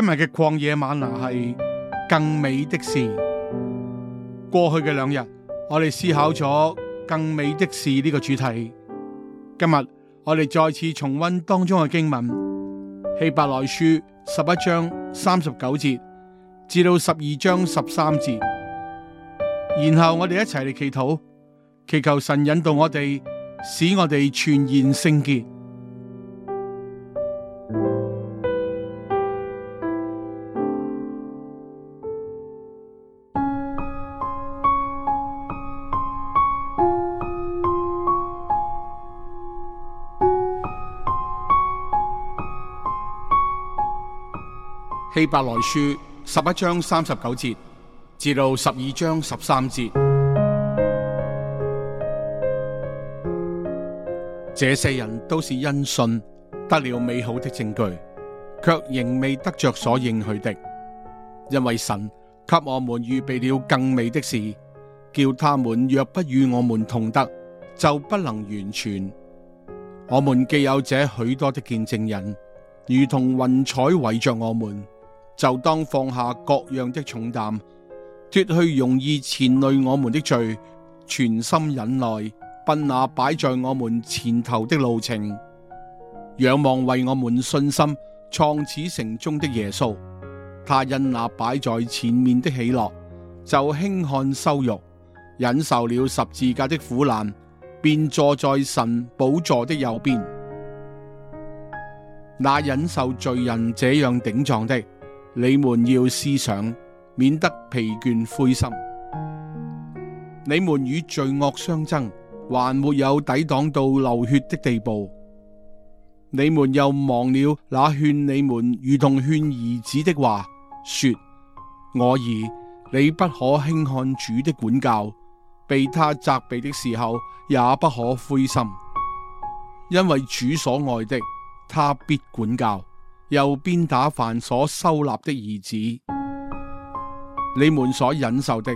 今日嘅曠野嗎哪係更美的事。過去嘅兩日，我哋思考咗更美的事呢個主題。今日我哋再次重温當中嘅經文，希伯來書十一章三十九節至到十二章十三節。然後我哋一齊嚟祈禱，祈求神引導我哋，使我哋全然聖潔。希伯來書十一章三十九節至到十二章十三節，這些人都是因信得了美好的證據，却仍未得着所應許的，因為神給我們預備了更美的事，叫他們若不與我們同得，就不能完全。我們既有這許多的見證人，如同雲彩圍着我們。就當放下各樣的重擔，脫去容易纏累我們的罪，全心忍耐，奔那擺在我們前頭的路程。仰望為我們信心創始成終的耶穌，他因那擺在前面的喜樂，就輕看羞辱，忍受了十字架的苦難，便坐在神寶座的右邊。那忍受罪人這樣頂撞的。你們要思想，免得疲倦灰心。你們與罪惡相爭，還沒有抵擋到流血的地步。你們又忘了那勸你們如同勸兒子的話，說：我兒，你不可輕看主的管教，被他責備的時候，也不可灰心，因為主所愛的，他必管教。又鞭打凡所收納的兒子，你們所忍受的，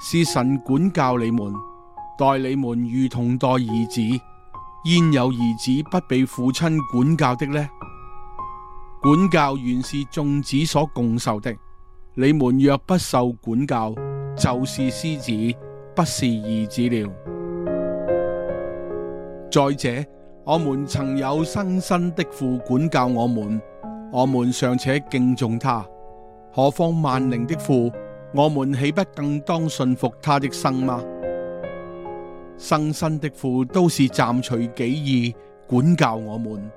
是神管教你們，待你們如同待兒子。焉有兒子不被父親管教的呢？管教原是眾子所共受的。你們若不受管教，就是私子，不是兒子了。再者，我們曾有生身，身的父管教我們。我們尚且敬重他，何況萬靈的父？我們豈不更當信服他的生嗎？生身的父都是暫隨己意管教我們，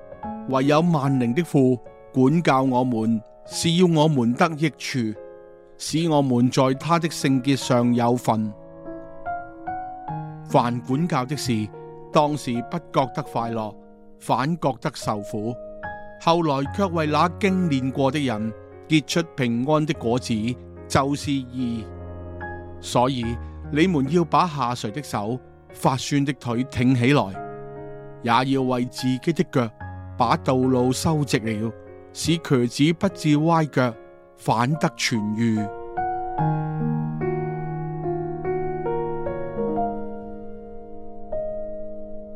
唯有萬靈的父管教我們，是要我們得益處，使我們在他的聖潔上有份。凡管教的事，當時不覺得快樂，反覺得受苦。.後來卻為那經練過的人結出平安的果子，就是義。所以你們要把下垂的手、發酸的腿挺起來，也要為自己的腳把道路修直了，使瘸子不至歪腳，反得痊癒。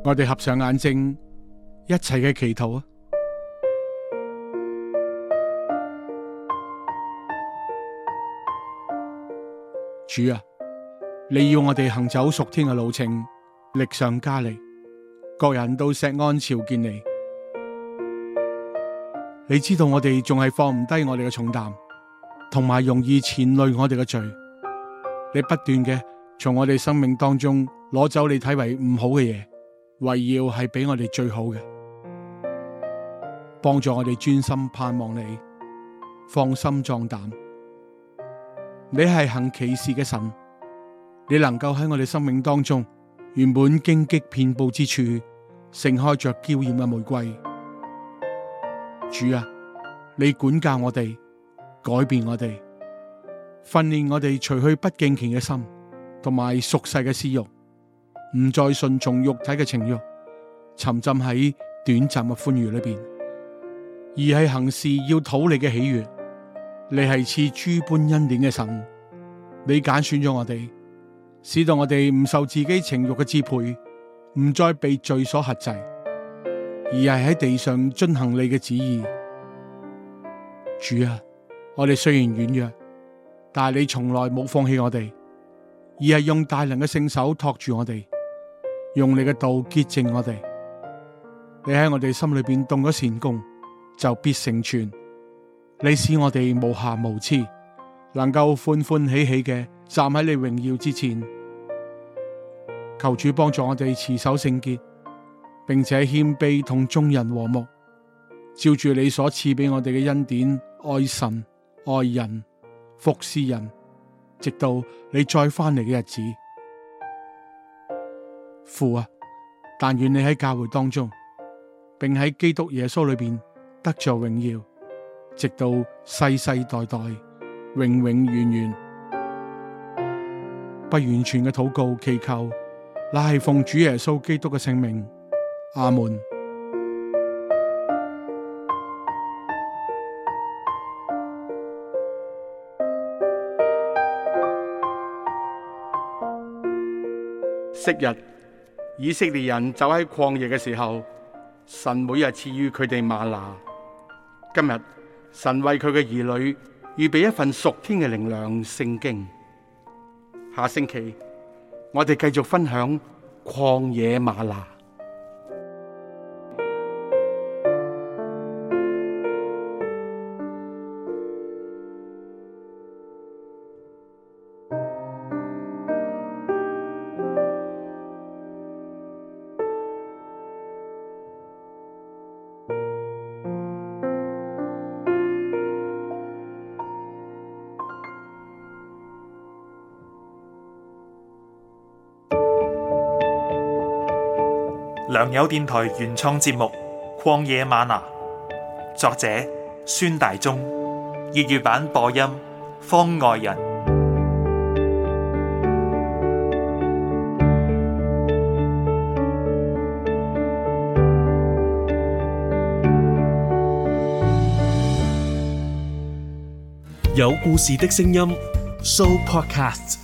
我哋合上眼睛，一齊嘅祈禱啊！主啊，你要我哋行走屬天嘅路程，力上加力，各人到錫安朝見你。你知道我哋仲係放唔低我哋嘅重擔，同埋容易纏累我哋嘅罪。你不斷嘅從我哋生命當中攞走你睇為唔好嘅嘢，唯要係俾我哋最好嘅，幫助我哋專心盼望你，放心壯膽。你係行奇事嘅神，你能夠喺我哋生命當中，原本荊棘遍布之處，盛開着嬌艷嘅玫瑰。主啊，你管教我哋，改變我哋，訓練我哋，除去不敬虔嘅心，同埋俗世嘅私欲，唔再順從肉體嘅情欲，沉浸喺短暫嘅歡愉裏邊，而係行事要討你嘅喜悅。你係賜諸般恩典嘅神，你揀選咗我哋，使到我哋唔受自己情欲嘅支配，唔再被罪所克制，而係喺地上遵行你嘅旨意。主啊，我哋雖然軟弱，但係你從來冇放棄我哋，而係用大能嘅聖手托住我哋，用你嘅道潔淨我哋。你喺我哋心裏邊動咗善功，就必成全。你使我哋無瑕無疵，能夠歡歡喜喜嘅站喺你榮耀之前。求主幫助我哋持守聖潔，並且謙卑同眾人和睦，照住你所賜俾我哋嘅恩典，愛神、愛人、服侍人，直到你再翻嚟嘅日子。父啊，但願你喺教會當中，並喺基督耶穌裏邊得著榮耀。直到世世代代、永永遠遠，不完全嘅禱告祈求，乃係奉主耶穌基督嘅聖名。阿門。昔日以色列人走喺曠野嘅時候，神每日賜予佢哋嗎哪。今日。神為佢嘅兒女預備一份屬天嘅靈糧聖經。下星期我哋繼續分享《曠野嗎哪》。良友電台原創節目《曠野嗎哪》，作者孫大中，粵語版播音方外人，有故事的聲音，Show Podcasts。